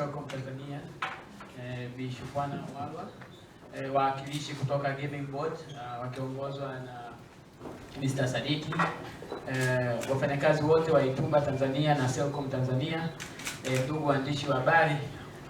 Telcom Tanzania eh, Bi Walwa eh, wawakilishi kutoka Gaming Board uh, wakiongozwa na Mr. Sadiki eh, wafanyakazi wote wa Itumba Tanzania na Selcom Tanzania eh, ndugu waandishi wa habari,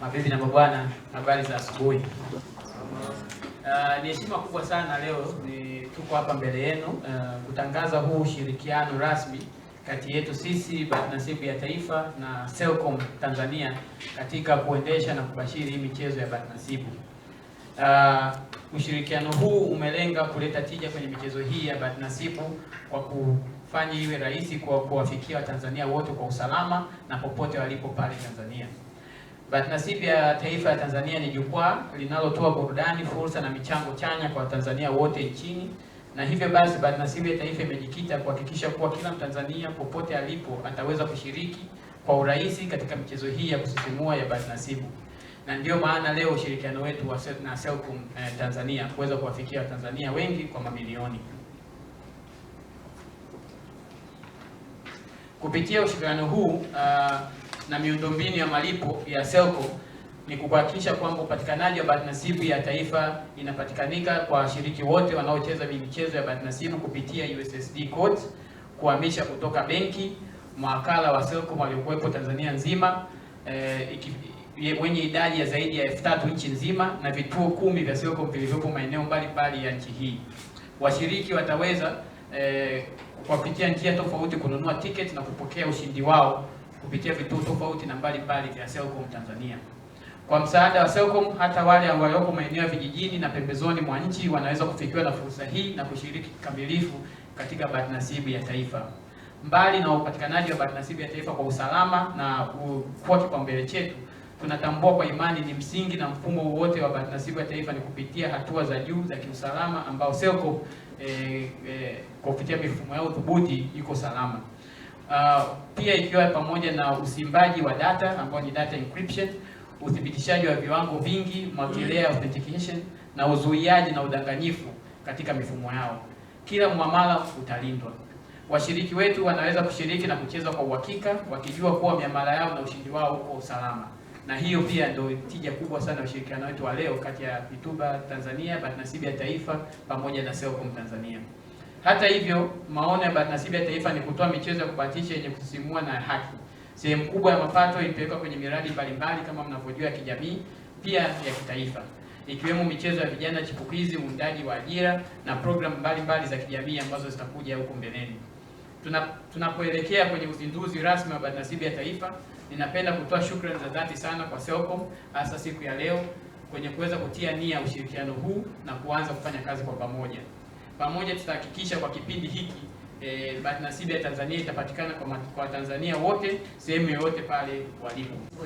mabibi na mabwana, habari za asubuhi. Uh, ni heshima kubwa sana leo ni tuko hapa mbele yenu uh, kutangaza huu ushirikiano rasmi kati yetu sisi bahati ya taifa na Selcom Tanzania katika kuendesha na kubashiri hii michezo ya Batnasibu. Uh, ushirikiano huu umelenga kuleta tija kwenye michezo hii ya Batnasibu kwa kufanya iwe rahisi kwa kuwafikia Watanzania wote kwa usalama na popote walipo pale Tanzania. Batnasibu ya taifa ya Tanzania ni jukwaa linalotoa burudani, fursa na michango chanya kwa Watanzania wote nchini na hivyo basi Bahati Nasibu ya Taifa imejikita kuhakikisha kuwa kila Mtanzania popote alipo ataweza kushiriki kwa urahisi katika michezo hii ya kusisimua ya Bahati Nasibu, na ndiyo maana leo ushirikiano wetu wa na Selcom eh, Tanzania kuweza kuwafikia Watanzania wengi kwa mamilioni. Kupitia ushirikiano huu uh, na miundombinu ya malipo ya Selcom ni kuhakikisha kwamba upatikanaji wa bahati nasibu ya taifa inapatikanika kwa washiriki wote wanaocheza michezo ya bahati nasibu kupitia USSD codes, kuhamisha kutoka benki, mawakala wa Selcom waliokuwepo Tanzania nzima e, wenye idadi ya zaidi ya elfu tatu nchi nzima na vituo kumi vya Selcom vilivyopo maeneo mbalimbali ya nchi hii. Washiriki wataweza e, kwa kupitia njia tofauti kununua tiketi na kupokea ushindi wao kupitia vituo tofauti na mbalimbali vya Selcom Tanzania. Kwa msaada wa Selcom, hata wale ambao wako maeneo ya vijijini na pembezoni mwa nchi wanaweza kufikiwa na fursa hii na kushiriki kikamilifu katika bahati nasibu ya taifa. Mbali na upatikanaji wa bahati nasibu ya taifa kwa usalama na kuwa kipaumbele chetu, tunatambua kwa imani ni msingi na mfumo wote wa bahati nasibu ya taifa ni kupitia hatua za juu za kiusalama ambao Selcom e, eh, kupitia mifumo yao thubuti iko salama. Uh, pia ikiwa pamoja na usimbaji wa data ambao ni data encryption uthibitishaji wa viwango vingi multi-layer authentication na uzuiaji na udanganyifu katika mifumo yao. Kila mwamala utalindwa. Washiriki wetu wanaweza kushiriki na kucheza kwa uhakika wakijua kuwa miamala yao na ushindi wao uko usalama, na hiyo pia ndio tija kubwa sana ya ushirikiano wetu wa leo kati ya Vituba Tanzania, Bahati Nasibu ya Taifa pamoja na Selcom Tanzania. Hata hivyo, maono ya Bahati Nasibu ya Taifa ni kutoa michezo ya kubahatisha yenye kusisimua na haki Sehemu kubwa ya mapato ilipelekwa kwenye miradi mbalimbali kama mnavyojua ya kijamii, pia ya kitaifa, ikiwemo michezo ya vijana chipukizi, uundaji wa ajira na programu mbalimbali za kijamii ambazo zitakuja huko mbeleni. Tunapoelekea tuna kwenye uzinduzi rasmi wa Bandasibi ya Taifa, ninapenda kutoa shukrani za dhati sana kwa Selcom hasa siku ya leo kwenye kuweza kutia nia ushirikiano huu na kuanza kufanya kazi kwa pamoja. Pamoja tutahakikisha kwa kipindi hiki eh, bahati nasibu ya Tanzania itapatikana kwa, kwa Tanzania wote sehemu yoyote pale walipo.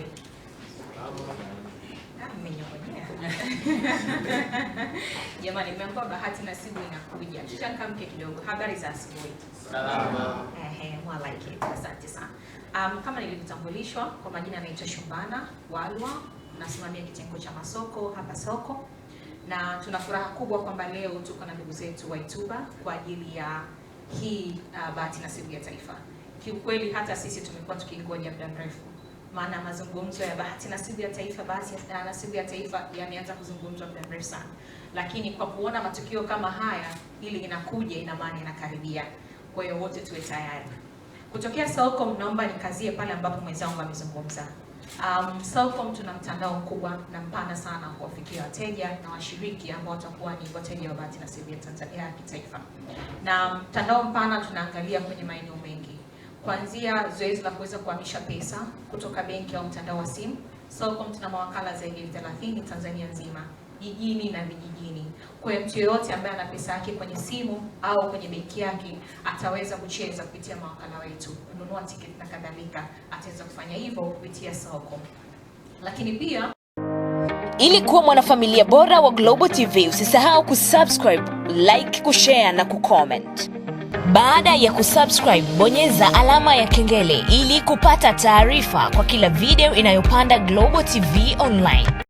Ah, Jamani, mmeambiwa bahati nasibu inakuja. kamke kidogo. Habari za asubuhi. Salama. Ehe, mwalaike. Asante sana. Um, kama nilivyotambulishwa kwa majina yanaitwa Shumbana Walwa, nasimamia kitengo cha masoko hapa soko, na tuna furaha kubwa kwamba leo tuko na ndugu zetu Waituba kwa ajili ya hii uh, bahati na siku ya taifa. Kiukweli hata sisi tumekuwa tukiingoja muda mrefu, maana mazungumzo ya bahati na siku ya taifa, bahati na siku ya taifa yameanza kuzungumzwa muda mrefu sana, lakini kwa kuona matukio kama haya, ili inakuja, ina maana inakaribia. Kwa hiyo wote tuwe tayari. Kutokea soko naomba nikazie pale ambapo mwenzangu amezungumza. Um, Selcom tuna mtandao mkubwa na mpana sana kuwafikia wateja na washiriki ambao watakuwa ni wateja wa bahati nasibu ya Tanzania ya kitaifa. Na mtandao mpana tunaangalia kwenye maeneo mengi, kuanzia zoezi la kuweza kuhamisha pesa kutoka benki au mtandao wa simu. Selcom tuna mawakala zaidi ya 30 Tanzania nzima jijini na vijijini. Kwa hiyo mtu yoyote ambaye ana pesa yake kwenye simu au kwenye benki yake ataweza kucheza kupitia mawakala wetu, kununua tiketi na kadhalika, ataweza kufanya hivyo kupitia soko. Lakini pia ili kuwa mwanafamilia bora wa Global TV, usisahau kusubscribe, like, kushare na kucomment. Baada ya kusubscribe, bonyeza alama ya kengele ili kupata taarifa kwa kila video inayopanda Global TV Online.